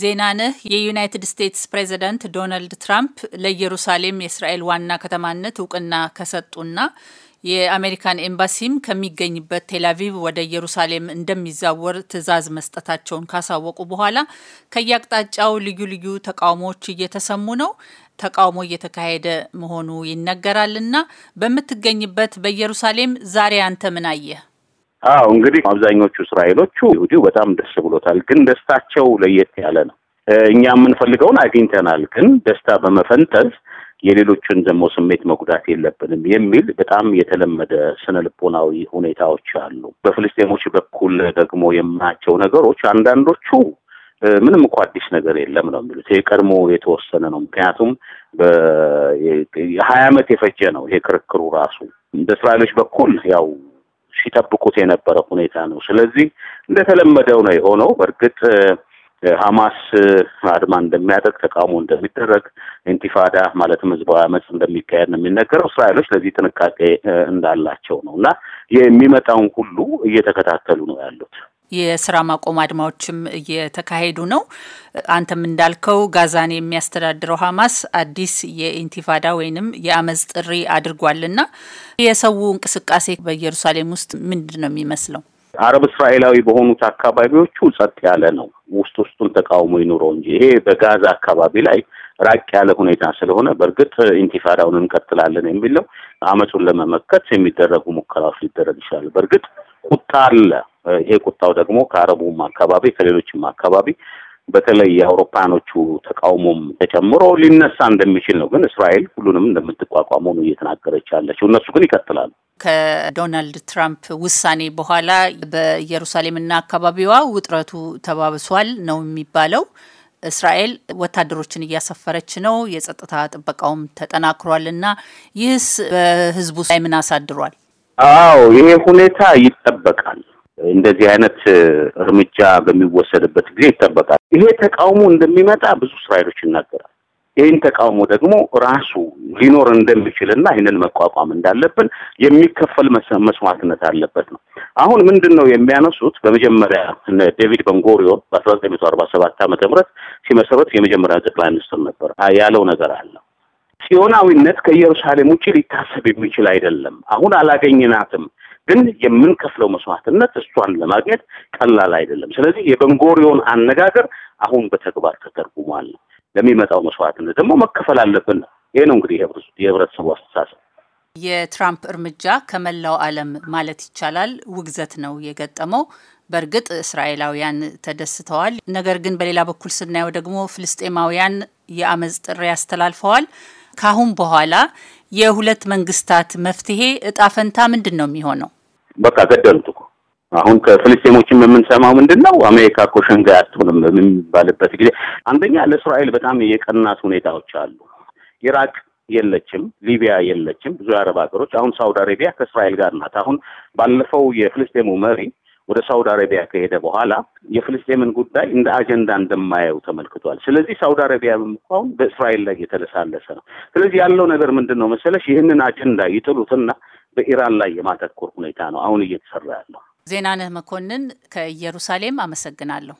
ዜናነህ የዩናይትድ ስቴትስ ፕሬዚደንት ዶናልድ ትራምፕ ለኢየሩሳሌም የእስራኤል ዋና ከተማነት እውቅና ከሰጡና የአሜሪካን ኤምባሲም ከሚገኝበት ቴላቪቭ ወደ ኢየሩሳሌም እንደሚዛወር ትዕዛዝ መስጠታቸውን ካሳወቁ በኋላ ከየአቅጣጫው ልዩ ልዩ ተቃውሞዎች እየተሰሙ ነው። ተቃውሞ እየተካሄደ መሆኑ ይነገራልና በምትገኝበት በኢየሩሳሌም ዛሬ አንተ ምን አየህ? አዎ እንግዲህ አብዛኞቹ እስራኤሎቹ ይሁዲው በጣም ደስ ብሎታል። ግን ደስታቸው ለየት ያለ ነው። እኛ የምንፈልገውን አግኝተናል፣ ግን ደስታ በመፈንጠዝ የሌሎችን ደግሞ ስሜት መጉዳት የለብንም የሚል በጣም የተለመደ ስነ ልቦናዊ ሁኔታዎች አሉ። በፍልስጤሞች በኩል ደግሞ የማያቸው ነገሮች አንዳንዶቹ ምንም እኮ አዲስ ነገር የለም ነው የሚሉት። ይሄ ቀድሞ የተወሰነ ነው። ምክንያቱም ሀያ ዓመት የፈጀ ነው ይሄ ክርክሩ ራሱ። እንደ እስራኤሎች በኩል ያው ሲጠብቁት የነበረ ሁኔታ ነው። ስለዚህ እንደተለመደው ነው የሆነው። በእርግጥ ሀማስ አድማ እንደሚያደርግ ተቃውሞ እንደሚደረግ ኢንቲፋዳ ማለትም ህዝባዊ አመፅ እንደሚካሄድ ነው የሚነገረው። እስራኤሎች ለዚህ ጥንቃቄ እንዳላቸው ነው እና የሚመጣውን ሁሉ እየተከታተሉ ነው ያሉት። የስራ ማቆም አድማዎችም እየተካሄዱ ነው። አንተም እንዳልከው ጋዛን የሚያስተዳድረው ሀማስ አዲስ የኢንቲፋዳ ወይንም የአመፅ ጥሪ አድርጓልና የሰው እንቅስቃሴ በኢየሩሳሌም ውስጥ ምንድን ነው የሚመስለው? አረብ እስራኤላዊ በሆኑት አካባቢዎቹ ጸጥ ያለ ነው። ውስጥ ውስጡን ተቃውሞ ይኑረው እንጂ ይሄ በጋዛ አካባቢ ላይ ራቅ ያለ ሁኔታ ስለሆነ በእርግጥ ኢንቲፋዳውን እንቀጥላለን የሚለው አመፁን ለመመከት የሚደረጉ ሙከራዎች ሊደረግ ይችላል። በእርግጥ ቁጣ አለ ይሄ ቁጣው ደግሞ ከአረቡም አካባቢ ከሌሎችም አካባቢ በተለይ የአውሮፓኖቹ ተቃውሞም ተጨምሮ ሊነሳ እንደሚችል ነው። ግን እስራኤል ሁሉንም እንደምትቋቋመው ነው እየተናገረች ያለችው። እነሱ ግን ይቀጥላሉ። ከዶናልድ ትራምፕ ውሳኔ በኋላ በኢየሩሳሌምና አካባቢዋ ውጥረቱ ተባብሷል ነው የሚባለው። እስራኤል ወታደሮችን እያሰፈረች ነው፣ የጸጥታ ጥበቃውም ተጠናክሯል እና ይህስ በህዝቡ ላይ ምን አሳድሯል? አዎ ይሄ ሁኔታ ይጠበቃል። እንደዚህ አይነት እርምጃ በሚወሰድበት ጊዜ ይጠበቃል። ይሄ ተቃውሞ እንደሚመጣ ብዙ እስራኤሎች ይናገራል። ይህን ተቃውሞ ደግሞ ራሱ ሊኖር እንደሚችልና ይህንን መቋቋም እንዳለብን የሚከፈል መስዋዕትነት አለበት ነው። አሁን ምንድን ነው የሚያነሱት? በመጀመሪያ ዴቪድ በንጎሪዮን በአስራ ዘጠኝ መቶ አርባ ሰባት ዓመተ ምህረት ሲመሰረት የመጀመሪያ ጠቅላይ ሚኒስትር ነበር ያለው ነገር አለው ጽዮናዊነት ከኢየሩሳሌም ውጭ ሊታሰብ የሚችል አይደለም። አሁን አላገኘናትም፣ ግን የምንከፍለው መስዋዕትነት እሷን ለማግኘት ቀላል አይደለም። ስለዚህ የበንጎሪዮን አነጋገር አሁን በተግባር ተተርጉሟል። ለሚመጣው መስዋዕትነት ደግሞ መከፈል አለብን። ይሄ ነው እንግዲህ የህብረተሰቡ አስተሳሰብ። የትራምፕ እርምጃ ከመላው ዓለም ማለት ይቻላል ውግዘት ነው የገጠመው። በእርግጥ እስራኤላውያን ተደስተዋል። ነገር ግን በሌላ በኩል ስናየው ደግሞ ፍልስጤማውያን የአመፅ ጥሪ አስተላልፈዋል። ካሁን በኋላ የሁለት መንግስታት መፍትሄ እጣ ፈንታ ምንድን ነው የሚሆነው? በቃ ገደሉት እኮ። አሁን ከፍልስጤሞችም የምንሰማው ምንድን ነው አሜሪካ እኮ ሸንጋይ አትሆንም የሚባልበት ጊዜ አንደኛ ለእስራኤል በጣም የቀናት ሁኔታዎች አሉ። ኢራቅ የለችም፣ ሊቢያ የለችም፣ ብዙ የአረብ ሀገሮች። አሁን ሳውዲ አረቢያ ከእስራኤል ጋር ናት። አሁን ባለፈው የፍልስጤሙ መሪ ወደ ሳውዲ አረቢያ ከሄደ በኋላ የፍልስጤምን ጉዳይ እንደ አጀንዳ እንደማያዩ ተመልክቷል። ስለዚህ ሳውዲ አረቢያ በምኳሁን በእስራኤል ላይ የተለሳለሰ ነው። ስለዚህ ያለው ነገር ምንድን ነው መሰለሽ? ይህንን አጀንዳ ይጥሉትና በኢራን ላይ የማተኮር ሁኔታ ነው አሁን እየተሰራ ያለው። ዜናነህ መኮንን ከኢየሩሳሌም አመሰግናለሁ።